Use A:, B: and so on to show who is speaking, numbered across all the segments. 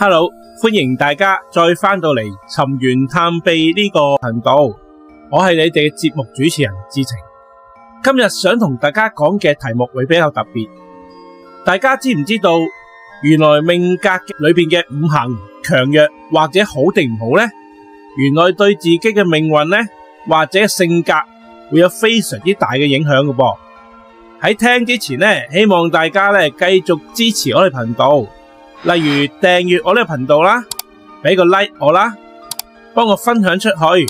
A: Hello，歡迎大家再返到嚟尋源探秘呢個頻道，我係你哋節目主持人智澄。今日想同大家講嘅題目會比較特別，大家知唔知道？原來命格裏邊嘅五行強弱或者好定唔好咧，原來對自己嘅命運咧或者性格會有非常之大嘅影響㗎喎。喺聽之前咧，希望大家咧繼續支持我哋頻道。例如訂閱我呢個頻道啦，俾個 like 我啦，幫我分享出去，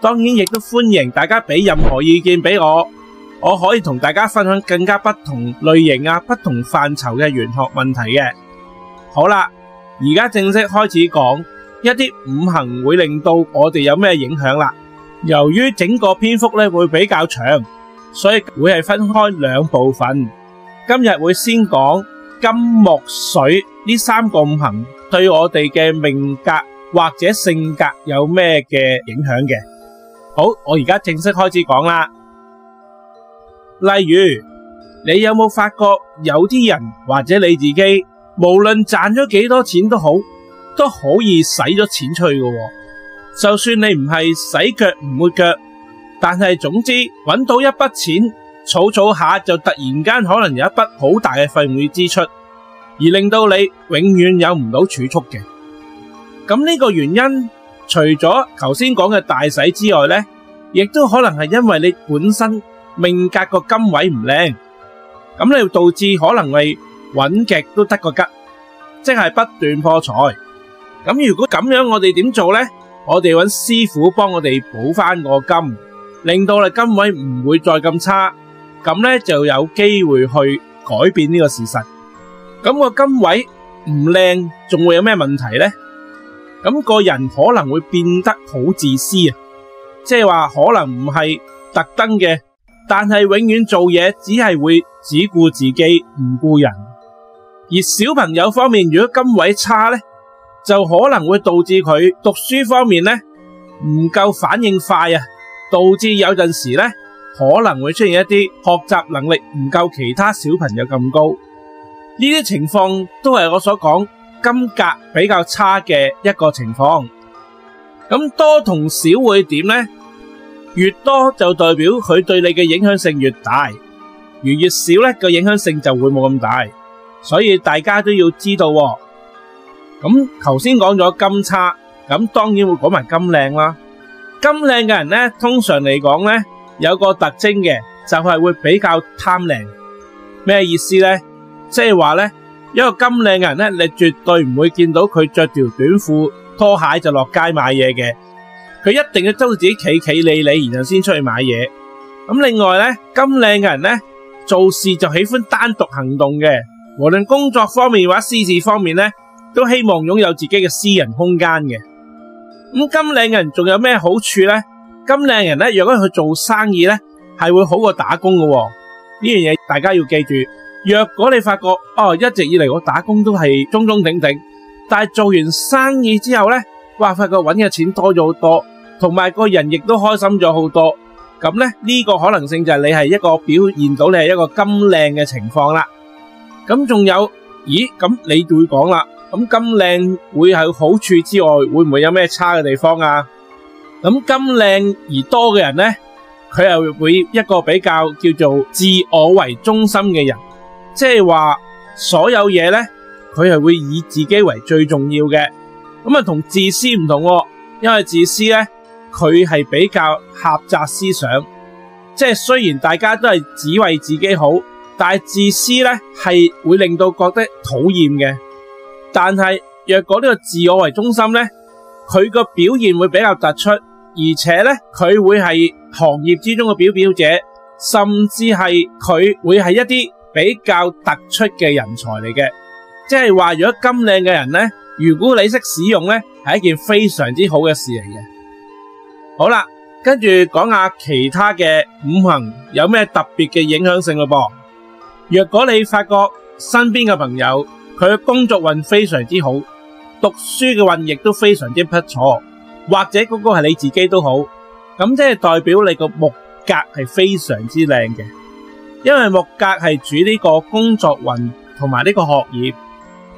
A: 當然亦都歡迎大家俾任何意見俾我，我可以同大家分享更加不同類型啊、不同範疇嘅玄學問題嘅。好啦，而家正式開始講一啲五行會令到我哋有咩影響啦。由於整個篇幅咧會比較長，所以會係分開兩部分。今日會先講。金、木、水呢三個五行對我哋嘅命格或者性格有咩嘅影響嘅？好，我而家正式開始講啦。例如，你有冇發覺有啲人或者你自己，無論賺咗幾多錢都好，都可以使咗錢出去嘅。就算你唔係洗腳唔抹腳，但係總之揾到一筆錢。儲儲下就突然間可能有一筆好大嘅費用要支出，而令到你永遠有唔到儲蓄嘅。咁呢個原因除咗頭先講嘅大洗之外咧，亦都可能係因為你本身命格個金位唔靚，咁你導致可能係揾極都得個吉，即係不斷破財。咁如果咁樣，我哋點做咧？我哋揾師傅幫我哋補翻個金，令到你金位唔會再咁差。咁咧就有機會去改變呢個事實。咁個金位唔靚，仲會有咩問題呢？咁個人可能會變得好自私啊，即係話可能唔係特登嘅，但係永遠做嘢只係會只顧自己，唔顧人。而小朋友方面，如果金位差呢，就可能會導致佢讀書方面呢唔夠反應快啊，導致有陣時呢。可能會出現一啲學習能力唔夠其他小朋友咁高呢啲情況，都係我所講金格比較差嘅一個情況。咁多同少會點呢？越多就代表佢對你嘅影響性越大，而越少呢個影響性就會冇咁大。所以大家都要知道喎。咁頭先講咗金差，咁當然會講埋金靚啦。金靚嘅人呢，通常嚟講呢。有個特徵嘅就係、是、會比較貪靚，咩意思咧？即係話咧，一個金靚嘅人咧，你絕對唔會見到佢着條短褲拖鞋就落街買嘢嘅，佢一定要執到自己企企理理，然後先出去買嘢。咁另外咧，金靚嘅人咧做事就喜歡單獨行動嘅，無論工作方面或者私事方面咧，都希望擁有自己嘅私人空間嘅。咁金靚嘅人仲有咩好處咧？金靚人咧，若果去做生意咧，係會好過打工噶。呢樣嘢大家要記住。若果你發覺哦，一直以嚟我打工都係中中頂頂，但係做完生意之後咧，哇，發覺搵嘅錢多咗好多，同埋個人亦都開心咗好多。咁咧，呢個可能性就係你係一個表現到你係一個金靚嘅情況啦。咁仲有，咦？咁你會講啦，咁金靚會係好處之外，會唔會有咩差嘅地方啊？咁金靚而多嘅人咧，佢又會一個比較叫做自我為中心嘅人，即係話所有嘢咧，佢係會以自己為最重要嘅。咁啊，同自私唔同喎，啊，因為自私咧，佢係比較狹窄思想，即係雖然大家都係只為自己好，但係自私咧係會令到覺得討厭嘅。但係若果呢個自我為中心咧，佢個表現會比較突出。而且呢，佢會係行業之中嘅表表者，甚至係佢會係一啲比較突出嘅人才嚟嘅。即係話，如果金靚嘅人呢，如果你識使用呢，係一件非常之好嘅事嚟嘅。好啦，跟住講下其他嘅五行有咩特別嘅影響性咯噃。若果你發覺身邊嘅朋友佢嘅工作運非常之好，讀書嘅運亦都非常之不錯。或者嗰個係你自己都好，咁即係代表你個木格係非常之靚嘅，因為木格係主呢個工作運同埋呢個學業，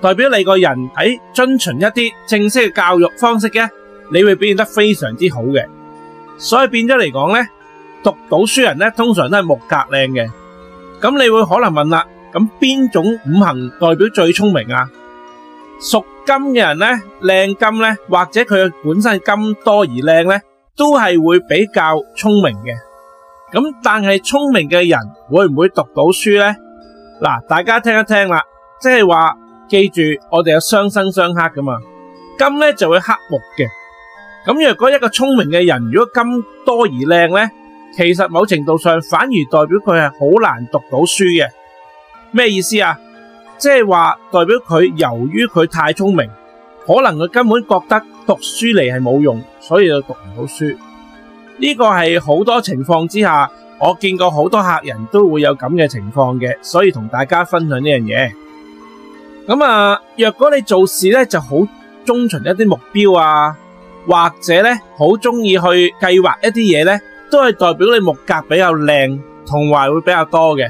A: 代表你個人喺遵循一啲正式嘅教育方式嘅，你會表現得非常之好嘅，所以變咗嚟講咧，讀到書人咧通常都係木格靚嘅。咁你會可能問啦，咁邊種五行代表最聰明啊？屬金嘅人咧，靚金咧，或者佢本身金多而靚咧，都係會比較聰明嘅。咁但係聰明嘅人會唔會讀到書咧？嗱，大家聽一聽啦，即係話記住，我哋有相生相剋噶嘛。金咧就會剋木嘅。咁若果一個聰明嘅人，如果金多而靚咧，其實某程度上反而代表佢係好難讀到書嘅。咩意思啊？即係話代表佢，由於佢太聰明，可能佢根本覺得讀書嚟係冇用，所以就讀唔到書。呢個係好多情況之下，我見過好多客人都會有咁嘅情況嘅，所以同大家分享呢樣嘢。咁、嗯、啊，若果你做事咧就好忠誠一啲目標啊，或者咧好中意去計劃一啲嘢咧，都係代表你木格比較靚，同埋會比較多嘅。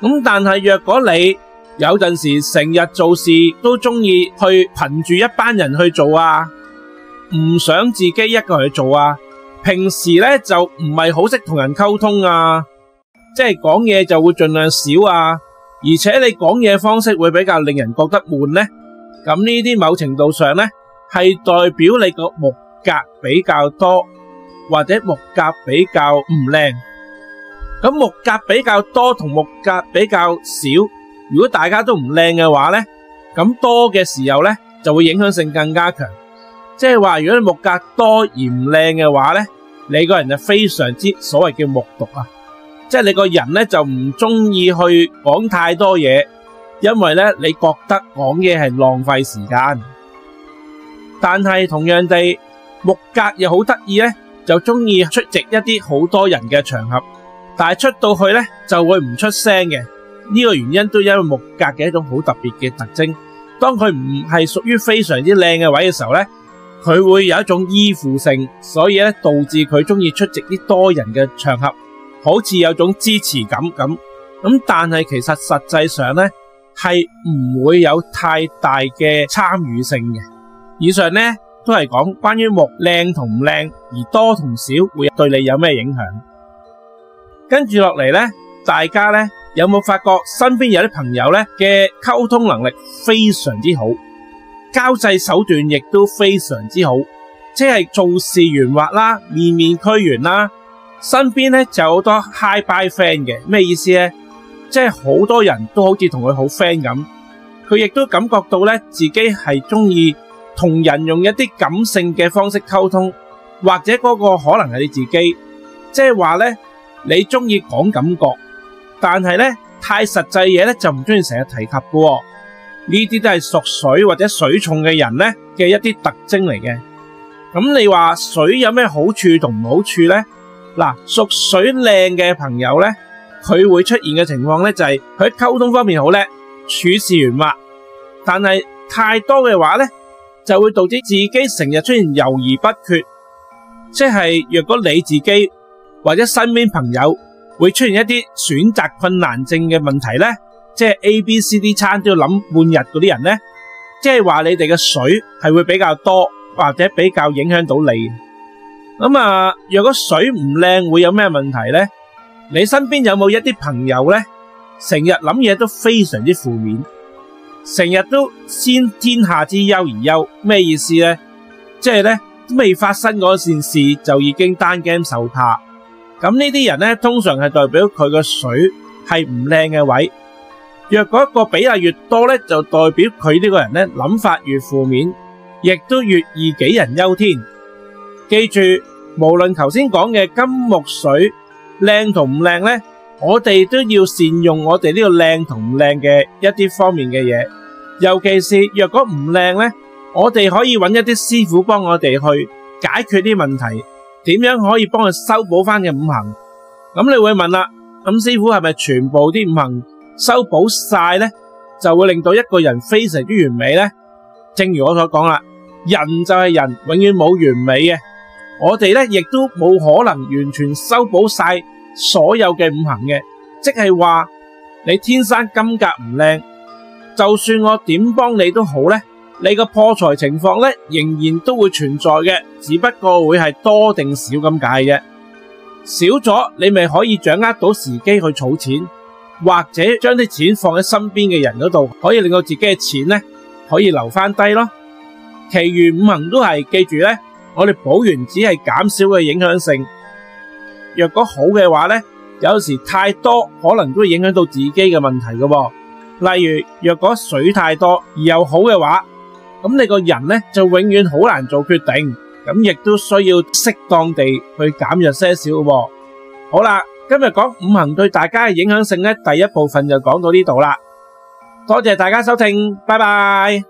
A: 咁、嗯、但係若果你，有陣時成日做事都中意去憑住一班人去做啊，唔想自己一個去做啊。平時咧就唔係好識同人溝通啊，即係講嘢就會盡量少啊。而且你講嘢方式會比較令人覺得悶呢。咁呢啲某程度上呢，係代表你個木格比較多，或者木格比較唔靚。咁木格比較多同木格比較少，如果大家都唔靚嘅話咧，咁多嘅時候咧，就會影響性更加強。即係話，如果你木格多而唔靚嘅話咧，你個人就非常之所謂叫木獨啊，即係你個人咧就唔中意去講太多嘢，因為咧你覺得講嘢係浪費時間。但係同樣地，木格又好得意咧，就中意出席一啲好多人嘅場合，但係出到去咧就會唔出聲嘅。呢個原因都因為木格嘅一種好特別嘅特徵。當佢唔係屬於非常之靚嘅位嘅時候咧，佢會有一種依附性，所以咧導致佢中意出席啲多人嘅場合，好似有種支持感咁。咁但係其實實際上咧係唔會有太大嘅參與性嘅。以上咧都係講關於木靚同唔靚，而多同少會對你有咩影響。跟住落嚟咧，大家咧。有冇發覺身邊有啲朋友咧嘅溝通能力非常之好，交際手段亦都非常之好，即係做事圓滑啦，面面俱圓啦。身邊咧就好多 high buy friend 嘅，咩意思咧？即係好多人都好似同佢好 friend 咁，佢亦都感覺到咧自己係中意同人用一啲感性嘅方式溝通，或者嗰個可能係你自己，即係話咧你中意講感覺。但係咧，太實際嘢，咧就唔中意成日提及噶、哦。呢啲都係屬水或者水重嘅人咧嘅一啲特徵嚟嘅。咁、嗯、你話水有咩好處同唔好處咧？嗱、啊，屬水靚嘅朋友咧,佢會出現嘅情況咧就係佢喺溝通方面好叻，處事圓滑。但係太多嘅話咧，就會導致自己成日出現猶豫不決。即係若果你自己或者身邊朋友，會出現一啲選擇困難症嘅問題咧，即係 A、B、C、D 餐都要諗半日嗰啲人咧，即係話你哋嘅水係會比較多，或者比較影響到你。咁啊，若果水唔靚會有咩問題咧？你身邊有冇一啲朋友咧，成日諗嘢都非常之負面，成日都先天下之憂而憂，咩意思咧？即係咧，未發生嗰件事就已經擔驚受怕。咁呢啲人咧，通常係代表佢個水係唔靚嘅位。若果一個比例越多咧，就代表佢呢個人咧，諗法越負面，亦都越易杞人憂天。記住，無論頭先講嘅金木水靚同唔靚咧，我哋都要善用我哋呢個靚同唔靚嘅一啲方面嘅嘢。尤其是若果唔靚咧，我哋可以揾一啲師傅幫我哋去解決啲問題。點樣可以幫佢修補翻嘅五行？咁你會問啦，咁師傅係咪全部啲五行修補晒咧？就會令到一個人非常之完美咧？正如我所講啦，人就係人，永遠冇完美嘅。我哋咧亦都冇可能完全修補晒所有嘅五行嘅，即係話你天生金格唔靚，就算我點幫你都好咧。你個破財情況咧，仍然都會存在嘅，只不過會係多定少咁解嘅。少咗你咪可以掌握到時機去儲錢，或者將啲錢放喺身邊嘅人嗰度，可以令到自己嘅錢咧可以留翻低咯。其餘五行都係記住咧，我哋補完只係減少嘅影響性。若果好嘅話咧，有時太多可能都會影響到自己嘅問題㗎喎。例如若果水太多而又好嘅話，咁你個人呢，就永遠好難做決定，咁亦都需要適當地去減弱些少喎。好啦，今日講五行對大家嘅影響性呢，第一部分就講到呢度啦。多謝大家收聽，拜拜。